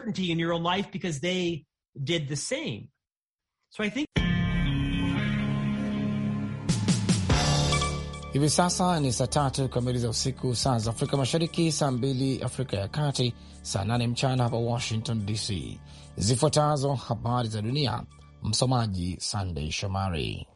certainty in your own life because they did the same. So I think hivi sasa ni saa tatu kamili za usiku, saa za Afrika Mashariki, saa mbili Afrika ya Kati, saa nane mchana hapa Washington DC. Zifuatazo habari za dunia, msomaji Sandey Shomari.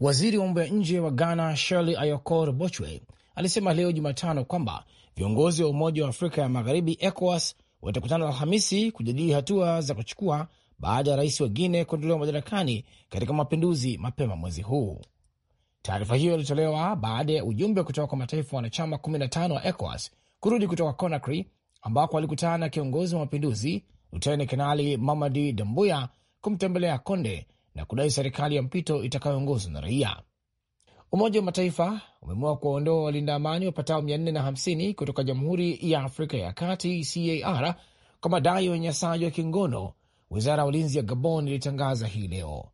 Waziri wa mambo ya nje wa Ghana Shirley Ayokor Bochwe alisema leo Jumatano kwamba viongozi wa Umoja wa Afrika ya Magharibi ECOWAS watakutana Alhamisi kujadili hatua za kuchukua baada ya rais wa Guine kuondolewa madarakani katika mapinduzi mapema mwezi huu. Taarifa hiyo ilitolewa baada ya ujumbe kutoka kwa mataifa wanachama 15 wa ECOWAS kurudi kutoka Conakry ambako walikutana na kiongozi wa mapinduzi Luteni Kanali Mamadi Dambuya kumtembelea Konde na kudai serikali ya mpito itakayoongozwa na raia. Umoja wa Mataifa umeamua kuwaondoa walinda amani wapatao 450 kutoka Jamhuri ya Afrika ya Kati CAR kwa madai ya unyanyasaji wa kingono. Wizara ya ulinzi ya Gabon ilitangaza hii leo.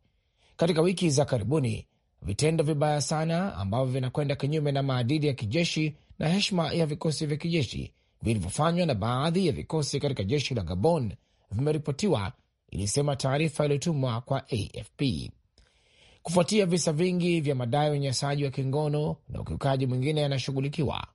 Katika wiki za karibuni, vitendo vibaya sana ambavyo vinakwenda kinyume na maadili ya kijeshi na heshima ya vikosi vya kijeshi vilivyofanywa na baadhi ya vikosi katika jeshi la Gabon vimeripotiwa, ilisema taarifa iliyotumwa kwa AFP kufuatia visa vingi vya madai ya unyanyasaji wa kingono na ukiukaji mwingine yanashughulikiwa.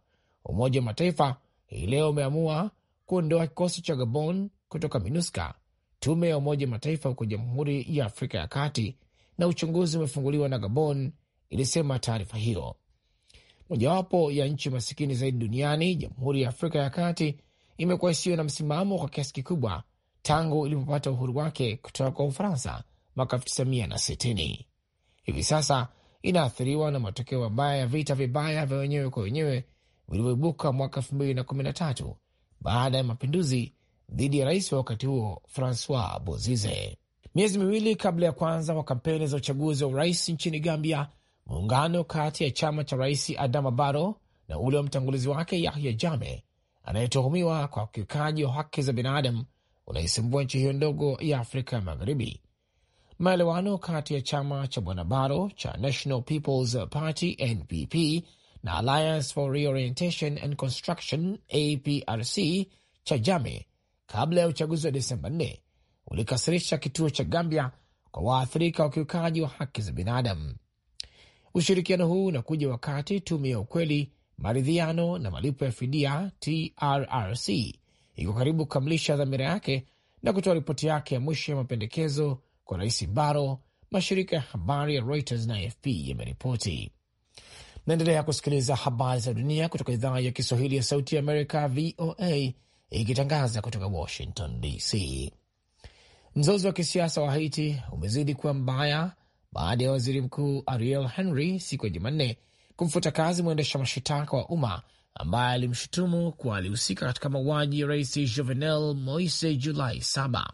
Umoja wa Mataifa hii leo umeamua kuondoa kikosi cha Gabon kutoka MINUSCA, tume ya Umoja wa Mataifa huko Jamhuri ya Afrika ya Kati, na uchunguzi umefunguliwa na Gabon, ilisema taarifa hiyo. Mojawapo ya nchi masikini zaidi duniani, Jamhuri ya Afrika ya Kati imekuwa isiyo na msimamo kwa kiasi kikubwa tangu ilipopata uhuru wake kutoka kwa Ufaransa mwaka 1960 hivi sasa inaathiriwa na matokeo mabaya ya vita vibaya vya wenyewe kwa wenyewe vilivyoibuka mwaka elfu mbili na kumi na tatu baada ya mapinduzi dhidi ya rais wa wakati huo Francois Bozize. Miezi miwili kabla ya kwanza wa kampeni za uchaguzi wa urais nchini Gambia, muungano kati ya chama cha rais Adama Barrow na ule wa mtangulizi wake Yahya Jammeh anayetuhumiwa kwa ukiukaji wa haki za binadamu unaisumbua nchi hiyo ndogo ya Afrika ya Magharibi maelewano kati ya chama cha bwana Baro cha National People's Party NPP na Alliance for Reorientation and Construction APRC cha Jame kabla ya uchaguzi wa Desemba 4 ulikasirisha kituo cha Gambia kwa waathirika wa ukiukaji wa haki za binadamu. Ushirikiano huu unakuja wakati tume ya ukweli, maridhiano na malipo ya fidia TRRC iko karibu kukamilisha dhamira yake na kutoa ripoti yake ya mwisho ya mapendekezo kwa rais Baro. mashirika ya habari ya Reuters na AFP yameripoti. Naendelea kusikiliza habari za dunia kutoka idhaa ya Kiswahili ya Sauti ya Amerika, VOA, ikitangaza kutoka Washington DC. Mzozo wa kisiasa wa Haiti umezidi kuwa mbaya baada ya waziri mkuu Ariel Henry siku ya Jumanne kumfuta kazi mwendesha mashitaka wa umma ambaye alimshutumu kuwa alihusika katika mauaji ya rais Jovenel Moise Julai saba.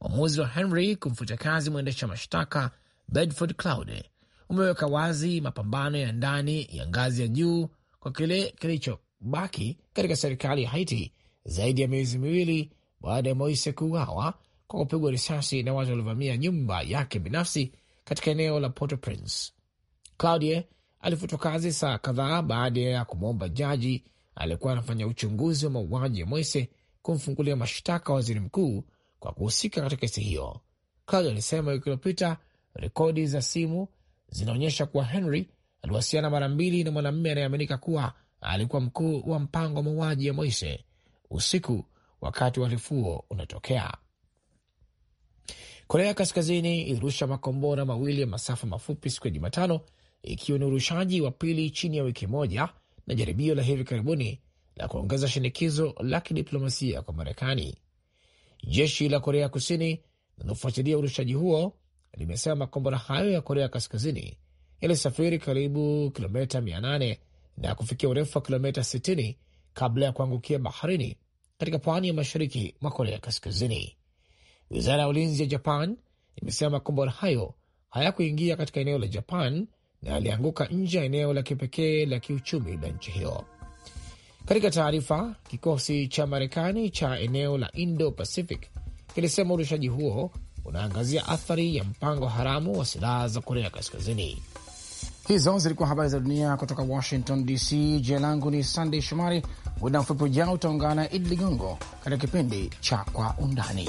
Uamuzi wa Henry kumfuta kazi mwendesha mashtaka Bedford Claude umeweka wazi mapambano ya ndani ya ngazi ya juu kwa kile kilichobaki katika serikali ya Haiti zaidi ya miezi miwili baada ya Moise kuuawa kwa kupigwa risasi na watu waliovamia nyumba yake binafsi katika eneo la Port-au-Prince. Claudie alifutwa kazi saa kadhaa baada ya kumwomba jaji aliyekuwa anafanya uchunguzi wa mauaji ya Moise kumfungulia mashtaka waziri mkuu kwa kuhusika katika kesi hiyo. Kali alisema wiki iliyopita rekodi za simu zinaonyesha kuwa Henry aliwasiliana mara mbili na mwanamume anayeaminika kuwa alikuwa mkuu wa mpango wa mauaji ya Moise usiku wakati uhalifu unatokea. Korea Kaskazini ilirusha makombora mawili ya masafa mafupi siku ya Jumatano, ikiwa ni urushaji wa pili chini ya wiki moja na jaribio la hivi karibuni la kuongeza shinikizo la kidiplomasia kwa Marekani. Jeshi la Korea Kusini linalofuatilia urushaji huo limesema makombora hayo ya Korea Kaskazini yalisafiri karibu kilomita 800 na kufikia urefu wa kilomita 60 kabla ya kuangukia baharini katika pwani ya mashariki mwa Korea Kaskazini. Wizara ya ulinzi ya Japan imesema makombora hayo hayakuingia katika eneo la Japan na yalianguka nje ya eneo la kipekee la kiuchumi la nchi hiyo. Katika taarifa, kikosi cha Marekani cha eneo la Indo Pacific kilisema urushaji huo unaangazia athari ya mpango haramu wa silaha za Korea Kaskazini. Hizo zilikuwa habari za dunia kutoka Washington DC. Jina langu ni Sandey Shomari. Muda mfupi ujao utaungana Idi Ligongo katika kipindi cha Kwa Undani.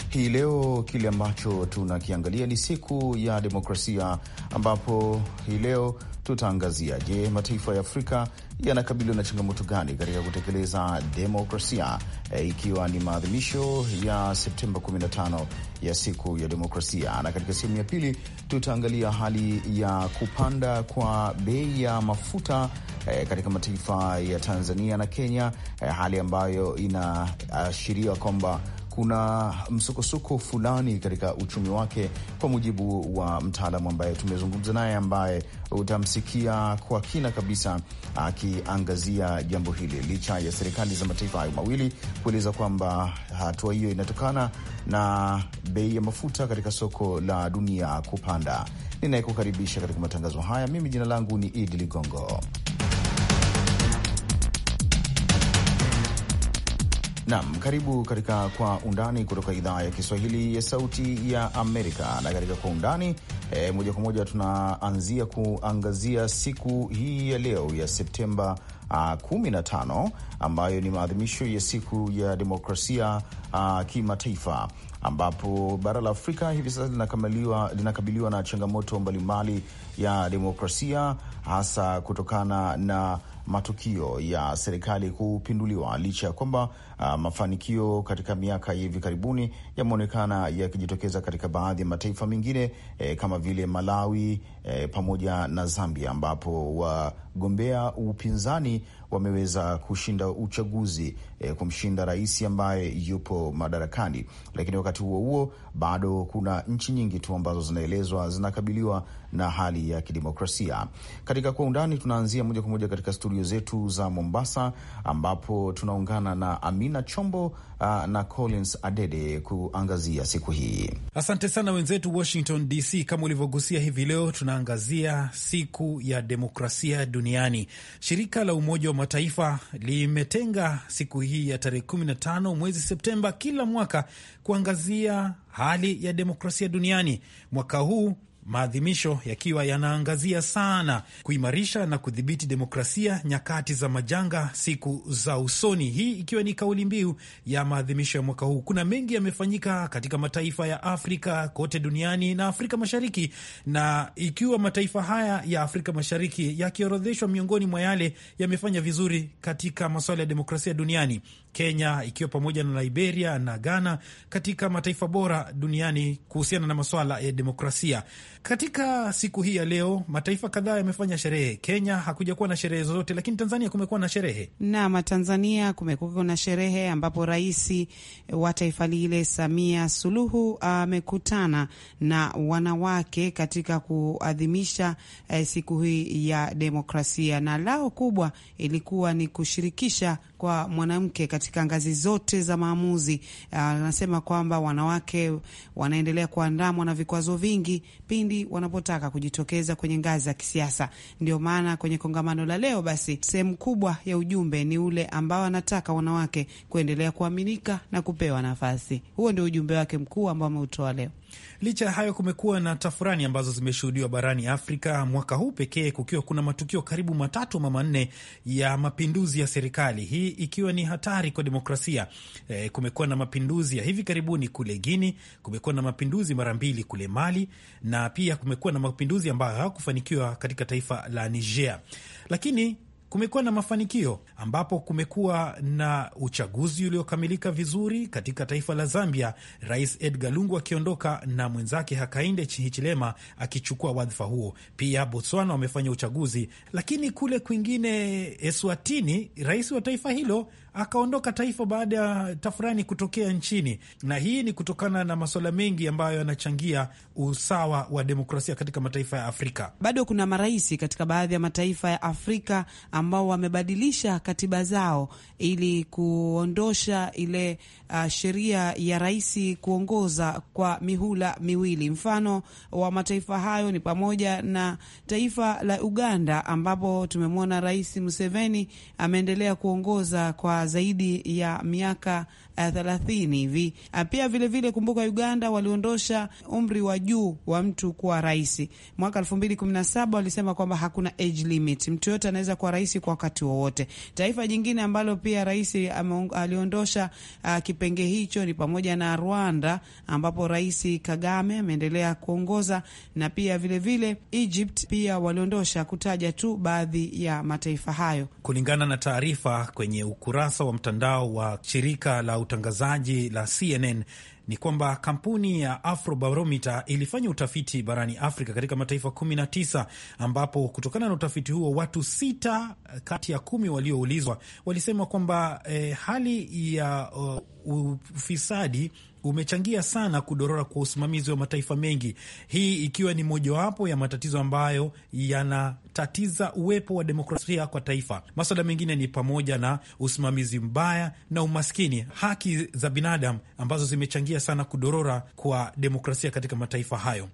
Hii leo kile ambacho tunakiangalia ni siku ya demokrasia, ambapo hii leo tutaangazia, je, mataifa ya Afrika yanakabiliwa na changamoto gani katika kutekeleza demokrasia e, ikiwa ni maadhimisho ya Septemba 15 ya siku ya demokrasia. Na katika sehemu ya pili tutaangalia hali ya kupanda kwa bei ya mafuta e, katika mataifa ya Tanzania na Kenya e, hali ambayo inaashiria kwamba kuna msukosuko fulani katika uchumi wake, kwa mujibu wa mtaalamu ambaye tumezungumza naye, ambaye utamsikia kwa kina kabisa akiangazia jambo hili, licha ya serikali za mataifa hayo mawili kueleza kwamba hatua hiyo inatokana na bei ya mafuta katika soko la dunia kupanda. Ninayekukaribisha katika matangazo haya mimi, jina langu ni Idi Ligongo. Nam, karibu katika Kwa Undani kutoka idhaa ya Kiswahili ya Sauti ya Amerika. Na katika Kwa Undani e, moja kwa moja tunaanzia kuangazia siku hii ya leo ya Septemba 15 ah, ambayo ni maadhimisho ya siku ya demokrasia ah, kimataifa ambapo bara la Afrika hivi sasa linakabiliwa na changamoto mbalimbali ya demokrasia hasa kutokana na matukio ya serikali kupinduliwa, licha ya kwamba uh, mafanikio katika miaka ya hivi karibuni yameonekana yakijitokeza katika baadhi ya mataifa mengine eh, kama vile Malawi eh, pamoja na Zambia ambapo wa mgombea upinzani wameweza kushinda uchaguzi e, kumshinda rais ambaye yupo madarakani. Lakini wakati huo huo bado kuna nchi nyingi tu ambazo zinaelezwa zinakabiliwa na hali ya kidemokrasia. Katika kwa undani, tunaanzia moja kwa moja katika studio zetu za Mombasa, ambapo tunaungana na Amina Chombo uh, na Collins Adede kuangazia siku hii. Asante sana wenzetu Washington DC. Kama ulivyogusia hivi leo, tunaangazia siku ya demokrasia duniani. Shirika la Umoja wa Mataifa limetenga siku hii ya tarehe 15 mwezi Septemba kila mwaka kuangazia hali ya demokrasia duniani. Mwaka huu maadhimisho yakiwa yanaangazia sana kuimarisha na kudhibiti demokrasia nyakati za majanga siku za usoni, hii ikiwa ni kauli mbiu ya maadhimisho ya mwaka huu. Kuna mengi yamefanyika katika mataifa ya Afrika kote duniani na Afrika Mashariki, na ikiwa mataifa haya ya Afrika Mashariki yakiorodheshwa miongoni mwa yale yamefanya vizuri katika masuala ya demokrasia duniani, Kenya ikiwa pamoja na Liberia na Ghana katika mataifa bora duniani kuhusiana na masuala ya demokrasia. Katika siku hii ya leo, mataifa kadhaa yamefanya sherehe. Kenya hakuja kuwa na sherehe zozote, lakini Tanzania kumekuwa na sherehe. Naam, Tanzania kumekuwa na sherehe ambapo rais wa taifa lile Samia Suluhu amekutana na wanawake katika kuadhimisha eh, siku hii ya demokrasia, na lao kubwa ilikuwa ni kushirikisha kwa mwanamke katika ngazi zote za maamuzi. Ah, anasema uh, kwamba wanawake wanaendelea kuandamwa na vikwazo vingi pindi wanapotaka kujitokeza kwenye ngazi za kisiasa. Ndio maana kwenye kongamano la leo, basi sehemu kubwa ya ujumbe ni ule ambao anataka wanawake kuendelea kuaminika na kupewa nafasi. Huo ndio ujumbe wake mkuu ambao ameutoa leo. Licha ya hayo, kumekuwa na tafurani ambazo zimeshuhudiwa barani Afrika mwaka huu pekee, kukiwa kuna matukio karibu matatu ama manne ya mapinduzi ya serikali, hii ikiwa ni hatari kwa demokrasia. E, kumekuwa na mapinduzi ya hivi karibuni kule Guini, kumekuwa na mapinduzi mara mbili kule Mali, na pia kumekuwa na mapinduzi ambayo hawakufanikiwa katika taifa la Niger, lakini kumekuwa na mafanikio ambapo kumekuwa na uchaguzi uliokamilika vizuri katika taifa la Zambia, Rais Edgar Lungu akiondoka na mwenzake Hakainde Hichilema akichukua wadhifa huo. Pia Botswana wamefanya uchaguzi, lakini kule kwingine Eswatini, rais wa taifa hilo akaondoka taifa baada ya tafurani kutokea nchini, na hii ni kutokana na masuala mengi ambayo yanachangia usawa wa demokrasia katika mataifa ya Afrika. Bado kuna marais katika baadhi ya mataifa ya Afrika ambao wamebadilisha katiba zao ili kuondosha ile uh, sheria ya rais kuongoza kwa mihula miwili. Mfano wa mataifa hayo ni pamoja na taifa la Uganda ambapo tumemwona Rais Museveni ameendelea kuongoza kwa zaidi ya miaka Eh, thelathini hivi. Eh, pia vilevile vile, kumbuka Uganda waliondosha umri wa juu wa mtu kuwa rais mwaka elfu mbili kumi na saba walisema kwamba hakuna age limit, mtu yote anaweza kuwa rais kwa wakati wowote. Taifa jingine ambalo pia rais aliondosha uh, kipenge hicho ni pamoja na Rwanda ambapo rais Kagame ameendelea kuongoza na pia vilevile vile, Egypt pia waliondosha, kutaja tu baadhi ya mataifa hayo kulingana na taarifa kwenye ukurasa wa mtandao wa shirika la utangazaji la CNN ni kwamba kampuni ya Afrobarometer ilifanya utafiti barani Afrika katika mataifa 19 ambapo kutokana na utafiti huo watu sita eh, kati ya kumi walioulizwa walisema kwamba eh, hali ya uh, ufisadi umechangia sana kudorora kwa usimamizi wa mataifa mengi, hii ikiwa ni mojawapo ya matatizo ambayo yanatatiza uwepo wa demokrasia kwa taifa. Maswala mengine ni pamoja na usimamizi mbaya na umaskini, haki za binadamu ambazo zimechangia sana kudorora kwa demokrasia katika mataifa hayo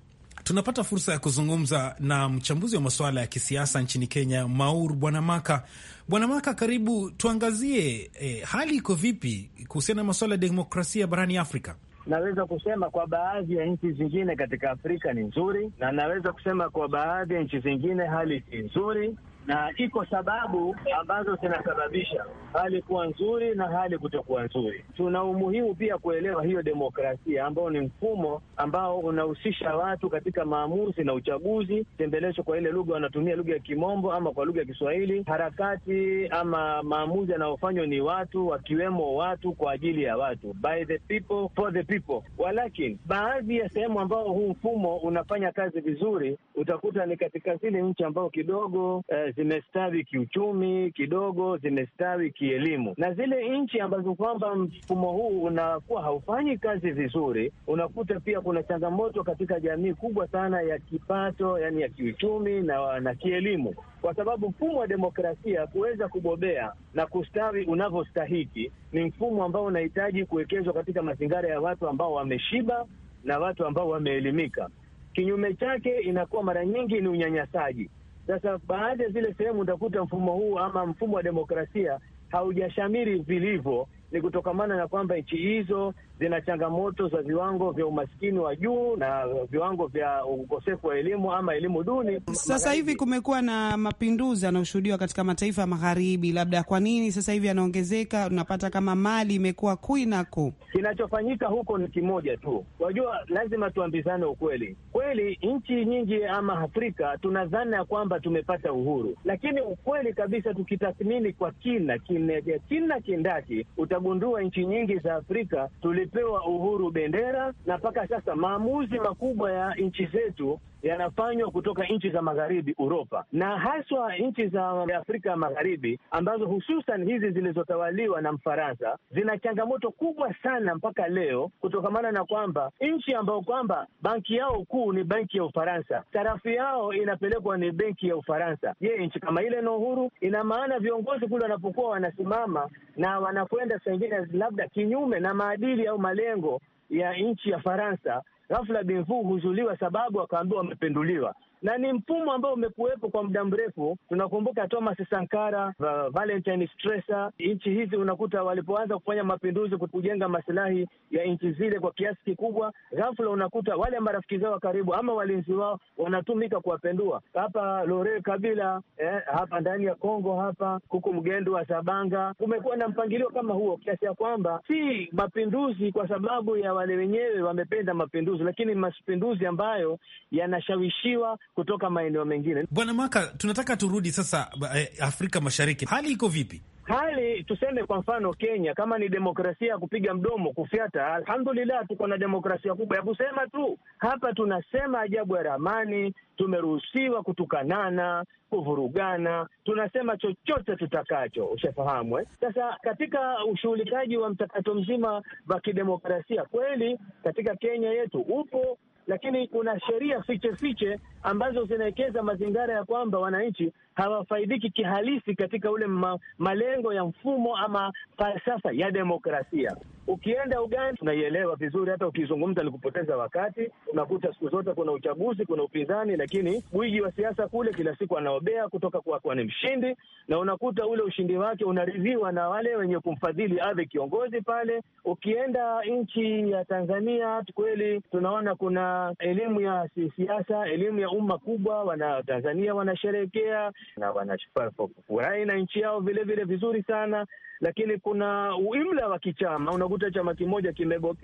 tunapata fursa ya kuzungumza na mchambuzi wa masuala ya kisiasa nchini Kenya, Maur Bwanamaka. Bwanamaka, karibu. Tuangazie eh, hali iko vipi kuhusiana na masuala ya demokrasia barani Afrika? Naweza kusema kwa baadhi ya nchi zingine katika Afrika ni nzuri, na naweza kusema kwa baadhi ya nchi zingine hali si nzuri, na iko sababu ambazo zinasababisha hali kuwa nzuri na hali kutokuwa nzuri. Tuna umuhimu pia kuelewa hiyo demokrasia ambao ni mfumo ambao unahusisha watu katika maamuzi na uchaguzi, tembelesho kwa ile lugha wanatumia lugha ya Kimombo ama kwa lugha ya Kiswahili, harakati ama maamuzi yanayofanywa ni watu, wakiwemo watu kwa ajili ya watu, by the people for the people. Walakini baadhi ya sehemu ambao huu mfumo unafanya kazi vizuri, utakuta ni katika zile nchi ambao kidogo eh, zimestawi kiuchumi kidogo, zimestawi kielimu, na zile nchi ambazo kwamba mfumo huu unakuwa haufanyi kazi vizuri, unakuta pia kuna changamoto katika jamii kubwa sana ya kipato, yani ya kiuchumi na, na kielimu, kwa sababu mfumo wa demokrasia kuweza kubobea na kustawi unavyostahiki ni mfumo ambao unahitaji kuwekezwa katika mazingara ya watu ambao wameshiba na watu ambao wameelimika. Kinyume chake inakuwa mara nyingi ni unyanyasaji sasa baadhi ya zile sehemu utakuta mfumo huu ama mfumo wa demokrasia haujashamiri vilivyo, ni kutokamana na kwamba nchi hizo zina changamoto za viwango vya umaskini wa juu na viwango vya ukosefu wa elimu ama elimu duni. Sasa hivi kumekuwa na mapinduzi yanayoshuhudiwa katika mataifa ya magharibi, labda kwa nini sasa hivi yanaongezeka? Unapata kama mali imekuwa kui na ku. Kinachofanyika huko ni kimoja tu, wajua, lazima tuambizane ukweli. Kweli nchi nyingi ama Afrika tuna dhana ya kwamba tumepata uhuru, lakini ukweli kabisa tukitathmini kwa kina kina, kina kindaki utagundua nchi nyingi za Afrika tuli tumepewa uhuru bendera, na mpaka sasa maamuzi makubwa ya nchi zetu yanafanywa kutoka nchi za magharibi Uropa, na haswa nchi za Afrika ya Magharibi ambazo hususan hizi zilizotawaliwa na Mfaransa zina changamoto kubwa sana mpaka leo, kutokamana na kwamba nchi ambayo kwamba banki yao kuu ni benki ya Ufaransa, sarafu yao inapelekwa ni benki ya Ufaransa. Je, nchi kama ile na uhuru, ina maana viongozi kule wanapokuwa wanasimama na wanakwenda saa ingine labda kinyume na maadili au malengo ya nchi ya Faransa, ghafla Benvuu huzuliwa sababu akaambiwa wamepinduliwa na ni mfumo ambao umekuwepo kwa muda mrefu. Tunakumbuka Thomas Sankara, Valentine Stresa, nchi hizi unakuta walipoanza kufanya mapinduzi kujenga masilahi ya nchi zile kwa kiasi kikubwa, ghafula unakuta wale marafiki zao wa karibu ama walinzi wao wanatumika kuwapendua. Hapa Lore Kabila eh, hapa ndani ya Kongo hapa huku Mgendo wa Sabanga kumekuwa na mpangilio kama huo, kiasi ya kwamba si mapinduzi kwa sababu ya wale wenyewe wamependa mapinduzi, lakini mapinduzi ambayo yanashawishiwa kutoka maeneo mengine. Bwana Maka, tunataka turudi sasa eh, Afrika Mashariki, hali iko vipi? Hali tuseme, kwa mfano Kenya, kama ni demokrasia ya kupiga mdomo kufyata, alhamdulillah, tuko na demokrasia kubwa ya kusema tu. Hapa tunasema ajabu ya ramani, tumeruhusiwa kutukanana, kuvurugana, tunasema chochote tutakacho, ushafahamu eh? Sasa katika ushughulikaji wa mchakato mzima wa kidemokrasia, kweli katika Kenya yetu upo lakini kuna sheria fiche fiche ambazo zinawekeza mazingira ya kwamba wananchi hawafaidiki kihalisi katika ule ma, malengo ya mfumo ama falsafa ya demokrasia. Ukienda Uganda tunaielewa vizuri, hata ukizungumza ni kupoteza wakati. Unakuta siku zote kuna uchaguzi, kuna upinzani, lakini gwiji wa siasa kule kila siku anaobea kutoka kwa kuwa ni mshindi, na unakuta ule ushindi wake unaridhiwa na wale wenye kumfadhili awe kiongozi pale. Ukienda nchi ya Tanzania, kweli tunaona kuna elimu ya siasa, elimu ya umma kubwa, wana Tanzania wanasherekea na wanafurahi na nchi yao vilevile vile vizuri sana, lakini kuna uimla wa kichama unakuta unakuta chama kimoja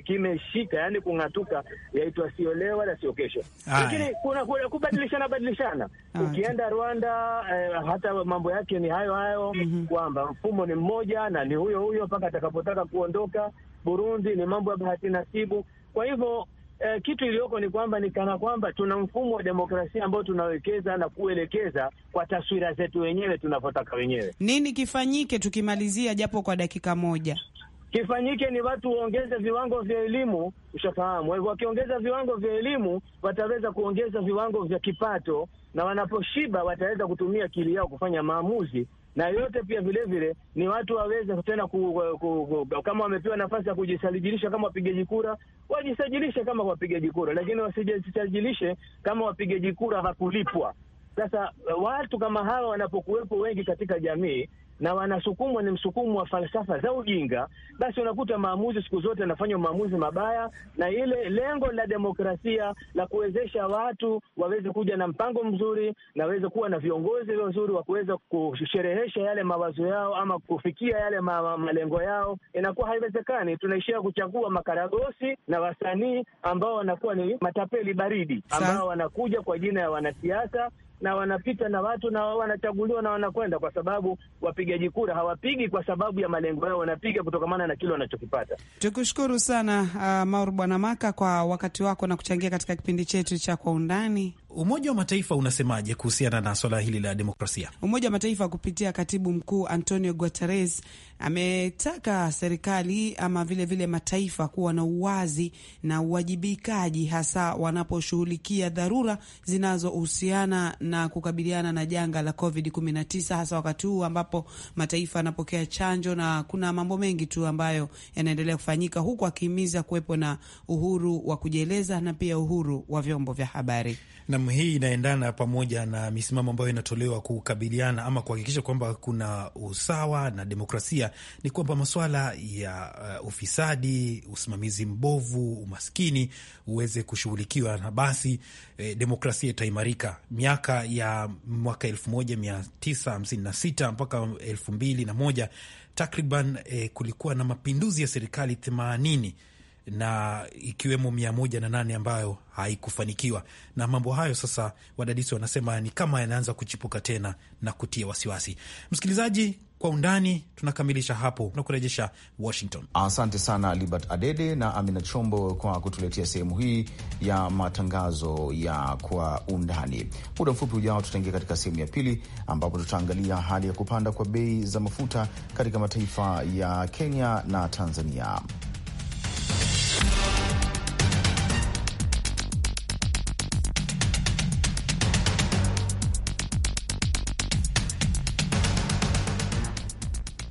kimeshika yani kung'atuka, yaitwa sio leo wala sio kesho, lakini kuna kubadilishana badilishana. Ukienda Rwanda eh, hata mambo yake ni hayo hayo mm -hmm. kwamba mfumo ni mmoja na ni huyo huyo mpaka atakapotaka kuondoka. Burundi ni mambo ya bahati nasibu. Kwa hivyo eh, kitu iliyoko ni kwamba ni kana kwamba tuna mfumo wa demokrasia ambao tunawekeza na kuelekeza kwa taswira zetu wenyewe tunavyotaka wenyewe. Nini kifanyike tukimalizia japo kwa dakika moja? kifanyike ni watu waongeze viwango vya elimu, ushafahamu. Wakiongeza viwango vya elimu, wataweza kuongeza viwango vya kipato, na wanaposhiba wataweza kutumia akili yao kufanya maamuzi na yote pia vilevile vile, ni watu waweze tena ku, ku, ku, kama wamepewa nafasi ya kujisajilisha kama wapigaji kura wajisajilishe kama wapigaji kura, lakini wasijisajilishe kama wapigaji kura hakulipwa. Sasa watu kama hawa wanapokuwepo wengi katika jamii, na wanasukumwa ni msukumo wa falsafa za ujinga, basi unakuta maamuzi siku zote yanafanywa maamuzi mabaya, na ile lengo la demokrasia la kuwezesha watu waweze kuja na mpango mzuri na waweze kuwa na viongozi wazuri wa kuweza kusherehesha yale mawazo yao ama kufikia yale ma malengo yao, inakuwa haiwezekani. Tunaishia kuchagua makaragosi na wasanii ambao wanakuwa ni matapeli baridi ambao wanakuja kwa jina ya wanasiasa na wanapita na watu na wanachaguliwa na wanakwenda, kwa sababu wapigaji kura hawapigi kwa sababu ya malengo yao, wanapiga kutokamana na kile wanachokipata. Tukushukuru sana uh, Maur Bwana Maka kwa wakati wako na kuchangia katika kipindi chetu cha Kwa Undani. Umoja wa Mataifa unasemaje kuhusiana na swala hili la demokrasia? Umoja wa Mataifa kupitia katibu mkuu Antonio Guterres ametaka serikali ama vilevile vile mataifa kuwa na uwazi na uwajibikaji, hasa wanaposhughulikia dharura zinazohusiana na kukabiliana na janga la COVID-19, hasa wakati huu ambapo mataifa yanapokea chanjo na kuna mambo mengi tu ambayo yanaendelea kufanyika, huku akihimiza kuwepo na uhuru wa kujieleza na pia uhuru wa vyombo vya habari. Nam, hii inaendana pamoja na misimamo ambayo inatolewa kukabiliana ama kuhakikisha kwamba kuna usawa na demokrasia, ni kwamba masuala ya uh, ufisadi, usimamizi mbovu, umaskini uweze kushughulikiwa na basi, eh, demokrasia itaimarika. Miaka ya mwaka sita mpaka moja takriban, eh, kulikuwa na mapinduzi ya serikali themanini na ikiwemo mia moja na nane ambayo haikufanikiwa. Na mambo hayo sasa, wadadisi wanasema ni kama yanaanza kuchipuka tena na kutia wasiwasi. Msikilizaji, kwa undani tunakamilisha hapo na kurejesha Washington. Asante sana Libert Adede na Amina Chombo kwa kutuletea sehemu hii ya matangazo ya kwa undani. Muda mfupi ujao, tutaingia katika sehemu ya pili ambapo tutaangalia hali ya kupanda kwa bei za mafuta katika mataifa ya Kenya na Tanzania.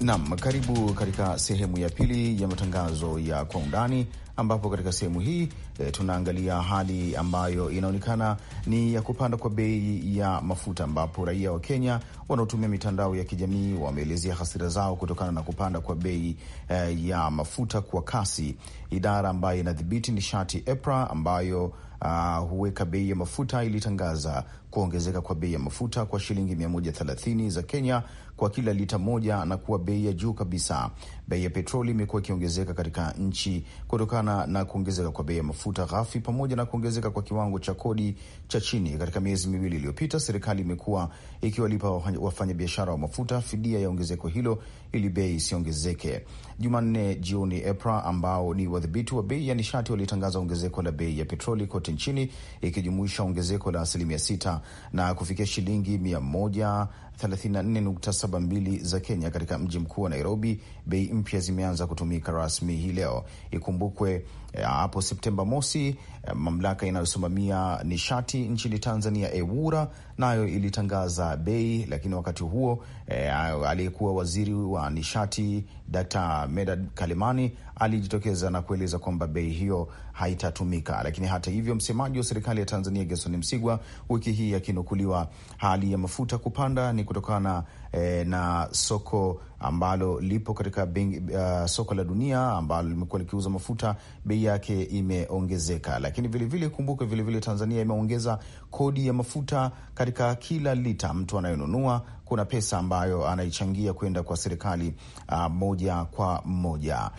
Nam, karibu katika sehemu ya pili ya matangazo ya kwa undani, ambapo katika sehemu hii e, tunaangalia hali ambayo inaonekana ni ya kupanda kwa bei ya mafuta, ambapo raia wa Kenya wanaotumia mitandao ya kijamii wameelezea hasira zao kutokana na kupanda kwa bei e, ya mafuta kwa kasi. Idara ambayo inadhibiti nishati EPRA ambayo uh, huweka bei ya mafuta ilitangaza kuongezeka kwa bei ya mafuta kwa shilingi 130 za Kenya kwa kila lita moja na kuwa bei ya juu kabisa. Bei ya petroli imekuwa ikiongezeka katika nchi kutokana na kuongezeka kwa bei ya mafuta ghafi pamoja na kuongezeka kwa kiwango cha kodi cha chini. Katika miezi miwili iliyopita, serikali imekuwa ikiwalipa wafanyabiashara wa mafuta fidia ya ongezeko hilo ili bei isiongezeke. Jumanne jioni, EPRA ambao ni wadhibiti wa bei ya nishati walitangaza ongezeko la bei ya petroli kote kote nchini ikijumuisha ongezeko la asilimia sita na kufikia shilingi mia moja 34.72 za Kenya katika mji mkuu wa Nairobi, bei mpya zimeanza kutumika rasmi hii leo. Ikumbukwe eh, hapo Septemba mosi, eh, mamlaka inayosimamia nishati nchini Tanzania, EWURA, nayo ilitangaza bei, lakini wakati huo e, aliyekuwa waziri wa nishati Dkt. Medad Kalimani alijitokeza na kueleza kwamba bei hiyo haitatumika. Lakini hata hivyo, msemaji wa serikali ya Tanzania Gerson Msigwa wiki hii akinukuliwa hali ya mafuta kupanda ni kutokana eh, na soko ambalo lipo katika bengi, uh, soko la dunia ambalo limekuwa likiuza mafuta, bei yake imeongezeka. Lakini vilevile kumbuke, vilevile Tanzania imeongeza kodi ya mafuta. Katika kila lita mtu anayenunua, kuna pesa ambayo anaichangia kwenda kwa serikali uh, moja kwa moja.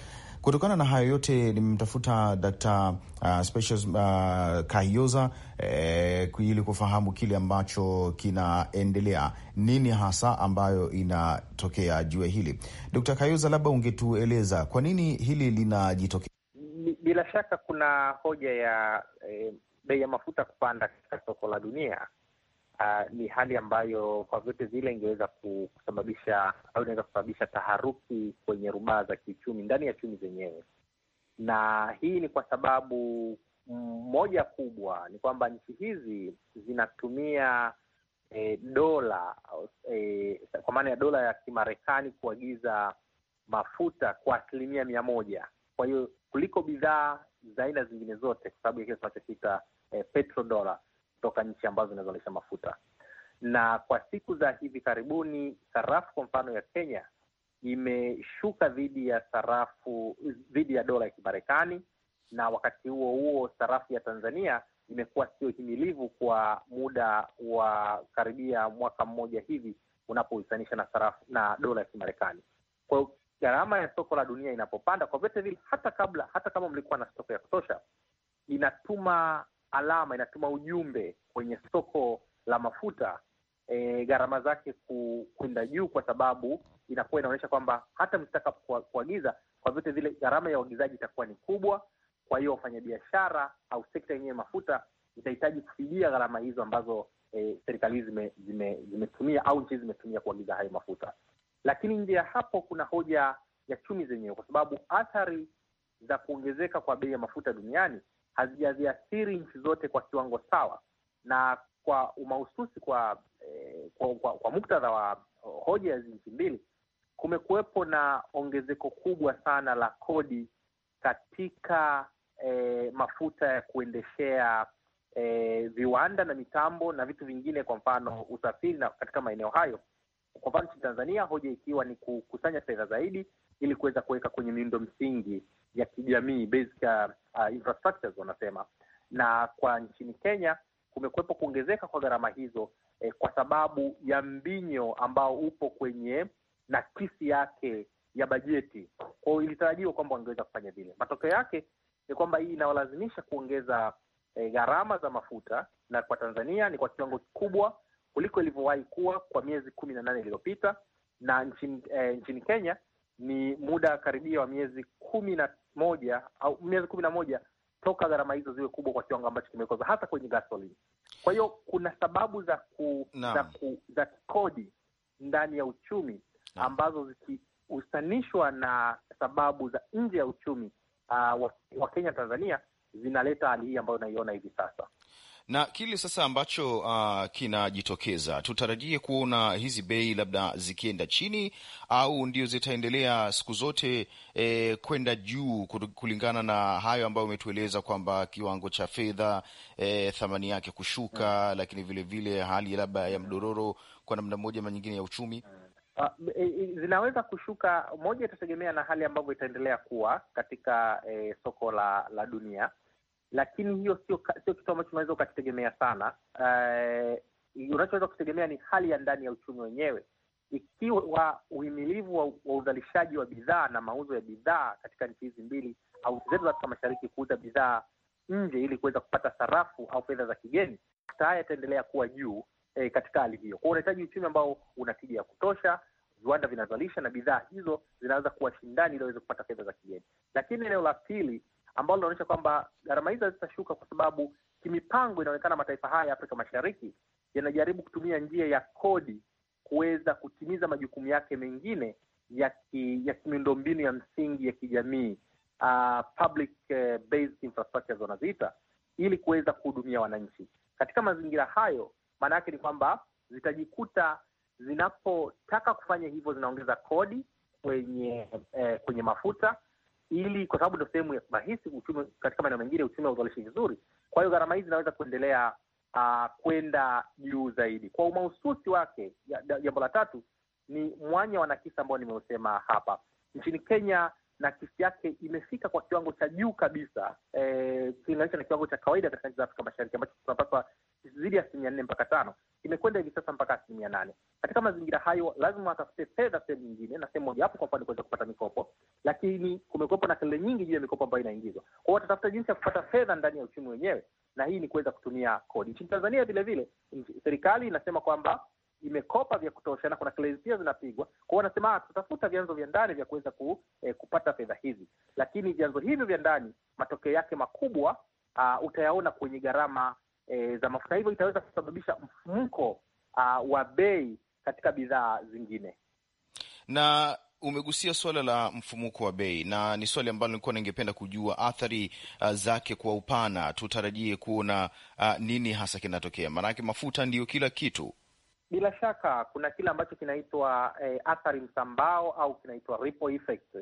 Kutokana na hayo yote nimemtafuta Dr. uh, Specials uh, Kahioza uh, ili kufahamu kile ambacho kinaendelea, nini hasa ambayo inatokea juu ya hili. Dr. Kahioza, labda ungetueleza kwa nini hili linajitokea? Bila shaka kuna hoja ya eh, bei ya mafuta kupanda katika soko la dunia uh, ni hali ambayo kwa vyote vile ingeweza kusababisha au inaweza kusababisha taharuki kwenye rubaa za kiuchumi ndani ya chumi zenyewe, na hii ni kwa sababu mm, moja kubwa ni kwamba nchi hizi zinatumia e, dola e, kwa maana ya dola ya Kimarekani kuagiza mafuta kwa asilimia mia moja kwa hiyo kuliko bidhaa za aina zingine zote, kwa sababu ya kile tunachokita e, eh, petrodola kutoka nchi ambazo zinazalisha mafuta. Na kwa siku za hivi karibuni, sarafu kwa mfano ya Kenya imeshuka dhidi ya sarafu dhidi ya dola ya Kimarekani, na wakati huo huo sarafu ya Tanzania imekuwa sio himilivu kwa muda wa karibia mwaka mmoja hivi unapohusanisha na sarafu na dola ya Kimarekani. Kwa hiyo gharama ya soko la dunia inapopanda kwa vyote vile, hata kabla hata kama mlikuwa na stoko ya kutosha, inatuma alama, inatuma ujumbe kwenye soko la mafuta e, gharama zake kwenda juu, kwa sababu inakuwa inaonyesha kwamba hata mkitaka kuagiza kwa, vyote vile gharama ya uagizaji itakuwa ni kubwa. Kwa hiyo wafanyabiashara au sekta yenyewe mafuta itahitaji kufidia gharama hizo ambazo e, serikali zime, zime, zimetumia au nchi zimetumia kuagiza hayo mafuta. Lakini nje ya hapo kuna hoja ya chumi zenyewe, kwa sababu athari za kuongezeka kwa bei ya mafuta duniani hazijaziathiri nchi zote kwa kiwango sawa, na kwa umahususi kwa, eh, kwa, kwa, kwa muktadha wa eh, hoja ya hizi nchi mbili, kumekuwepo na ongezeko kubwa sana la kodi katika eh, mafuta ya kuendeshea eh, viwanda na mitambo na vitu vingine, kwa mfano usafiri na katika maeneo hayo. Kwa mfano nchini Tanzania, hoja ikiwa ni kukusanya fedha zaidi ili kuweza kuweka kwenye miundo msingi ya kijamii basic uh, infrastructures wanasema. Na kwa nchini Kenya kumekuwepo kuongezeka kwa gharama hizo eh, kwa sababu ya mbinyo ambao upo kwenye nakisi yake ya bajeti. Kwa hiyo ilitarajiwa kwamba wangeweza kufanya vile. Matokeo yake ni kwamba hii inawalazimisha kuongeza eh, gharama za mafuta, na kwa Tanzania ni kwa kiwango kikubwa kuliko ilivyowahi kuwa kwa miezi kumi na nane iliyopita na nchini, eh, nchini Kenya ni muda karibia wa miezi kumi na moja au miezi kumi na moja toka gharama hizo ziwe kubwa kwa kiwango ambacho kimekoza hasa kwenye gasoline. Kwa hiyo kuna sababu za ku, no. za, ku, za kikodi ndani ya uchumi no. ambazo zikihusanishwa na sababu za nje ya uchumi uh, wa, wa Kenya Tanzania zinaleta hali hii ambayo unaiona hivi sasa na kile sasa ambacho uh, kinajitokeza, tutarajie kuona hizi bei labda zikienda chini au ndio zitaendelea siku zote eh, kwenda juu, kulingana na hayo ambayo umetueleza kwamba kiwango cha fedha eh, thamani yake kushuka hmm. Lakini vilevile vile hali labda ya mdororo kwa namna moja ama nyingine ya uchumi hmm. Uh, zinaweza kushuka. Moja itategemea na hali ambavyo itaendelea kuwa katika eh, soko la la dunia lakini hiyo sio kitu ambacho unaweza ukakitegemea sana. Uh, unachoweza kutegemea ni hali ya ndani ya uchumi wenyewe. Ikiwa uhimilivu wa, wa uzalishaji wa bidhaa na mauzo ya bidhaa katika nchi hizi mbili au nchi zetu za Afrika Mashariki kuuza bidhaa nje ili kuweza kupata sarafu au fedha za kigeni, haya yataendelea kuwa juu eh, katika hali hiyo. Kwa unahitaji uchumi ambao una tija ya kutosha, viwanda vinazalisha na bidhaa hizo zinaweza kuwa shindani ili waweze kupata fedha za kigeni. Lakini eneo la pili ambalo linaonyesha kwamba gharama hizo hazitashuka kwa sababu kimipango inaonekana mataifa haya ya Afrika Mashariki yanajaribu kutumia njia ya kodi kuweza kutimiza majukumu yake mengine ya ki, ya miundombinu ya msingi ya kijamii uh, public uh, based infrastructure wanaziita, ili kuweza kuhudumia wananchi katika mazingira hayo. Maana yake ni kwamba zitajikuta zinapotaka kufanya hivyo, zinaongeza kodi kwenye eh, kwenye mafuta ili kwa sababu ndio sehemu ya kubahisi uchumi katika maeneo mengine, uchumi hauzalishi vizuri. Kwa hiyo gharama hizi zinaweza kuendelea uh, kwenda juu zaidi. Kwa umahususi wake, jambo la tatu ni mwanya wa nakisi ambao nimeusema hapa nchini Kenya. Nakisi yake imefika kwa kiwango cha juu kabisa ukilinganisha eh, e, na kiwango cha kawaida katika nchi za Afrika Mashariki ambacho tunapaswa zidi ya asilimia nne mpaka tano imekwenda hivi sasa mpaka asilimia nane. Katika mazingira hayo, lazima watafute fedha sehemu nyingine, na sehemu mojawapo kwa mfano kuweza kupata mikopo lakini kumekuwepo na kelele nyingi juu ya mikopo ambayo inaingizwa. Kwa hiyo watatafuta jinsi ya kupata fedha ndani ya uchumi wenyewe, na hii ni kuweza kutumia kodi. Nchini Tanzania vilevile vile serikali inasema kwamba imekopa vya kutosha na kuna kelele pia zinapigwa. Kwa hiyo wanasema ah, tutafuta vyanzo vya ndani vya kuweza ku, eh, kupata fedha hizi, lakini vyanzo hivyo vya ndani matokeo yake makubwa uh, utayaona kwenye gharama eh, za mafuta, hivyo itaweza kusababisha mfumko uh, wa bei katika bidhaa zingine na umegusia suala la mfumuko wa bei na ni swali ambalo nilikuwa ningependa kujua athari uh, zake kwa upana. Tutarajie kuona uh, nini hasa kinatokea, maanake mafuta ndiyo kila kitu. Bila shaka kuna kile ambacho kinaitwa eh, athari msambao au kinaitwa ripple effect.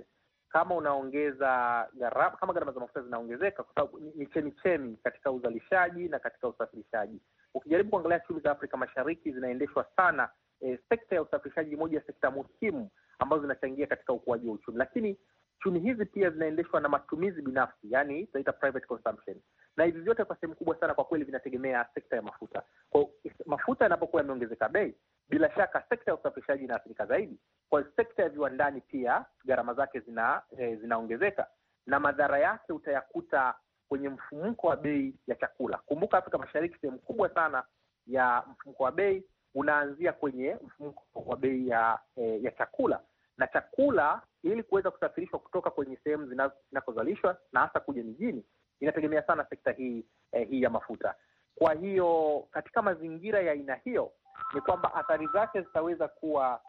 Kama unaongeza gharama, kama gharama za mafuta zinaongezeka, kwa sababu ni chemichemi chemi katika uzalishaji na katika usafirishaji. Ukijaribu kuangalia shughuli za Afrika Mashariki zinaendeshwa sana, eh, sekta ya usafirishaji moja ya sekta muhimu ambazo zinachangia katika ukuaji wa uchumi, lakini chumi hizi pia zinaendeshwa na matumizi binafsi, yani tunaita private consumption, na hivi vyote kwa sehemu kubwa sana kwa kweli vinategemea sekta ya mafuta. Kwa mafuta yanapokuwa yameongezeka bei, bila shaka sekta ya usafirishaji inaathirika zaidi. Kwa sekta ya viwandani pia gharama zake zina eh, zinaongezeka, na madhara yake utayakuta kwenye mfumuko wa bei ya chakula. Kumbuka Afrika Mashariki sehemu kubwa sana ya mfumuko wa bei unaanzia kwenye mfumuko wa bei ya, eh, ya chakula na chakula ili kuweza kusafirishwa kutoka kwenye sehemu zinakozalishwa na hasa kuja mijini inategemea sana sekta hii eh, hii ya mafuta. Kwa hiyo katika mazingira ya aina hiyo ni kwamba athari zake zitaweza kuwa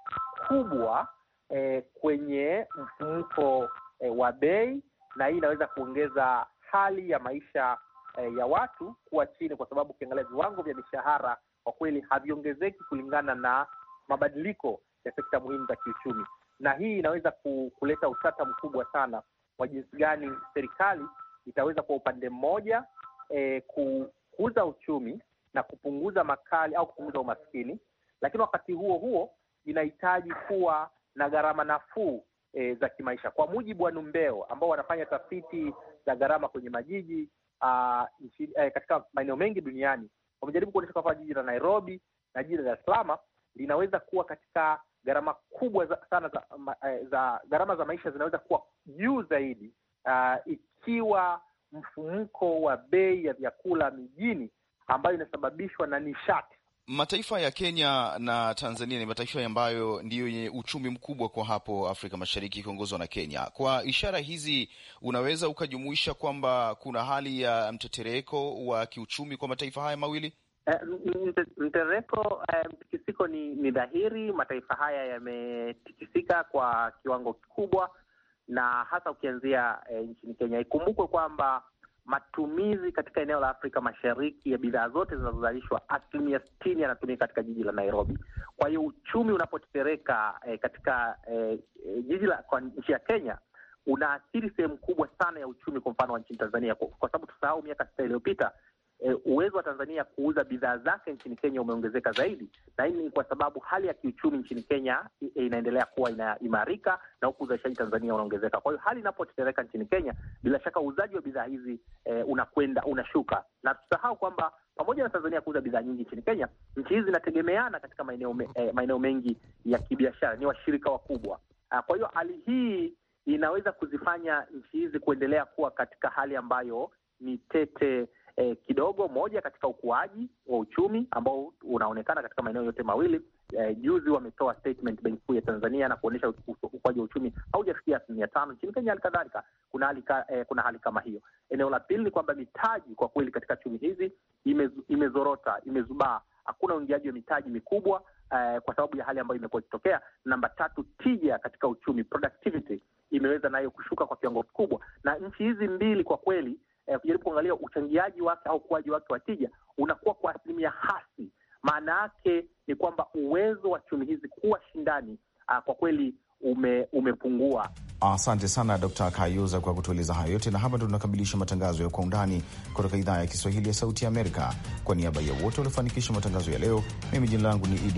kubwa eh, kwenye mfumuko eh, wa bei, na hii inaweza kuongeza hali ya maisha eh, ya watu kuwa chini, kwa sababu ukiangalia viwango vya mishahara kwa kweli haviongezeki kulingana na mabadiliko ya sekta muhimu za kiuchumi na hii inaweza kuleta utata mkubwa sana wa jinsi gani serikali itaweza kwa upande mmoja e, kukuza uchumi na kupunguza makali au kupunguza umaskini, lakini wakati huo huo inahitaji kuwa na gharama nafuu e, za kimaisha. Kwa mujibu wa Numbeo ambao wanafanya tafiti za gharama kwenye majiji a, ah, nchi, e, katika maeneo mengi duniani wamejaribu kuonyesha kwamba jiji la Nairobi na jiji la Dar es Salaam linaweza kuwa katika gharama kubwa sana za, eh, za gharama za maisha zinaweza kuwa juu zaidi uh, ikiwa mfumko wa bei ya vyakula mijini ambayo inasababishwa na nishati. Mataifa ya Kenya na Tanzania ni mataifa ambayo ndiyo yenye uchumi mkubwa kwa hapo Afrika Mashariki ikiongozwa na Kenya. Kwa ishara hizi, unaweza ukajumuisha kwamba kuna hali ya mtetereko wa kiuchumi kwa mataifa haya mawili? Eh, Mteremko, mtikisiko eh, ni, ni dhahiri. Mataifa haya yametikisika kwa kiwango kikubwa, na hasa ukianzia eh, nchini Kenya. Ikumbukwe kwamba matumizi katika eneo la Afrika Mashariki ya bidhaa zote zinazozalishwa asilimia sitini yanatumika katika jiji la Nairobi. Kwa hiyo uchumi unapotetereka eh, katika eh, jiji la kwa nchi ya Kenya unaathiri sehemu kubwa sana ya uchumi, kwa mfano wa nchini Tanzania, kwa sababu tusahau miaka sita iliyopita e, uwezo wa Tanzania kuuza bidhaa zake nchini Kenya umeongezeka zaidi, na hii ni kwa sababu hali ya kiuchumi nchini Kenya e, inaendelea kuwa inaimarika na huku uzalishaji Tanzania unaongezeka. Kwa hiyo hali inapotetereka nchini Kenya, bila shaka uuzaji wa bidhaa hizi e, unakwenda unashuka, na tusahau kwamba pamoja na Tanzania kuuza bidhaa nyingi nchini Kenya, nchi hizi zinategemeana katika maeneo me, eh, maeneo mengi ya kibiashara, ni washirika wakubwa. Ah, kwa hiyo hali hii inaweza kuzifanya nchi hizi kuendelea kuwa katika hali ambayo ni tete eh, kidogo moja katika ukuaji wa uchumi ambao unaonekana katika maeneo yote mawili. Eh, juzi wametoa statement Benki Kuu ya Tanzania na kuonyesha ukuaji wa uchumi haujafikia asilimia tano nchini Kenya. kadhalika kuna hali eh, kuna hali kama hiyo. Eneo la pili ni kwamba mitaji kwa kweli katika chumi hizi imezorota, imezubaa, hakuna uingiaji wa mitaji mikubwa eh, kwa sababu ya hali ambayo imekuwa ikitokea. Namba tatu, tija katika uchumi productivity imeweza nayo kushuka kwa kiwango kikubwa, na nchi hizi mbili kwa kweli eh, kujaribu kuangalia uchangiaji wake au ukuaji wake wa tija unakuwa kwa asilimia hasi. Maana yake ni kwamba uwezo wa chumi hizi kuwa shindani uh, kwa kweli ume, umepungua. Asante sana Dr. Kayuza kwa kutueleza hayo yote, na hapa ndo tunakamilisha matangazo ya Kwa Undani kutoka idhaa ya Kiswahili ya Sauti ya Amerika. Kwa niaba ya wote waliofanikisha matangazo ya leo, mimi jina langu ni Idi.